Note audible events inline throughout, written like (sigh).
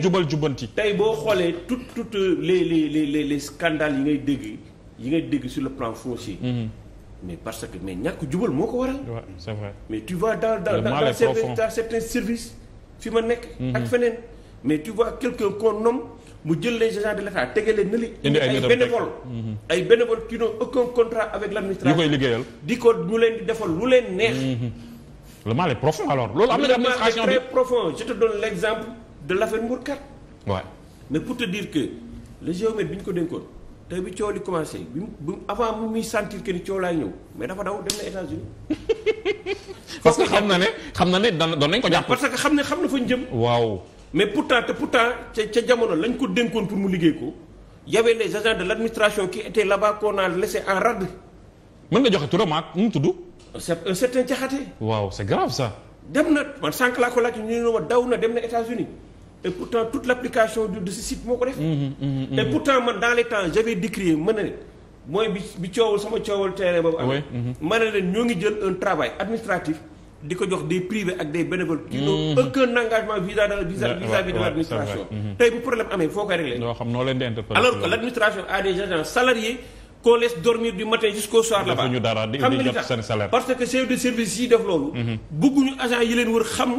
jubal jubanti. tey boo xoolee tout tout euh, les les les les yi ngay dégg yi ngay dégg sur le plan foncier. Mhm. mais parce que mais ñàkk jubal moo ko waral. waaw c'est mais tu vois dans dans dans dans fi ma nekk. Mhm. ak feneen mais tu vois quelqu'un qu'on nomme mu jël les agents de l'État leen na li. indi ay bénévole ay bénévole mhm. qui n'ont aucun contrat avec l'administration. ñu koy liggéeyal di ko ñu leen di defal lu leen neex. le mal profond alors. loolu am na administration très profond de l'affaire Mbour 4. waaw mais pour te dire que le géomètre bi ñu ko dénkoon tey bi coow li commencé bi mu avant mu muy sentir que ni coow laay ñëw mais dafa daw dem na États-Unis (laughs) parce que xam na ne xam na ne doon nañ ko jàpp. parce que xam ne xam na fa ñu jëm. waaw mais pourtant te pourtant ca ca jamono lañ ko dénkoon mu liggéey ko y avait les de l'administration qui étaient là-bas qu'on a en rade. mën nga joxe turam mu tudd. c'est un waaw c'est grave dem na man sànq laa ko daw na dem na États-Unis et pourtant toute l'application de, de ce site moo ko def mm-hmm, mm-hmm, mm-hmm. et pourtant man dans les temps j'avais décrié mën na ne mooy bi bi coowal sama coowal terrain boobu amee ma ne leen ñoo ngi jël un travail administratif di ko jox des privés ak des bénévoles qui n'ont aucun engagement vis à vis à vis de l'administration tey bu problème amee foo koy réglé alors que l'administration a des qu'on laisse du matin jusqu'au soir là-bas xam nga li tax parce que chef de service yi def loolu mhm. bëgguñu agent yi leen wër xam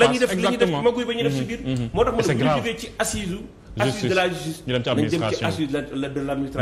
la ñuy def la ñuy def maguy ba ñuy def si mhm. biir mhm. moo tax ma ne bu ñu jógee ci assise assise de la justice nañ dem ci assise de l'administration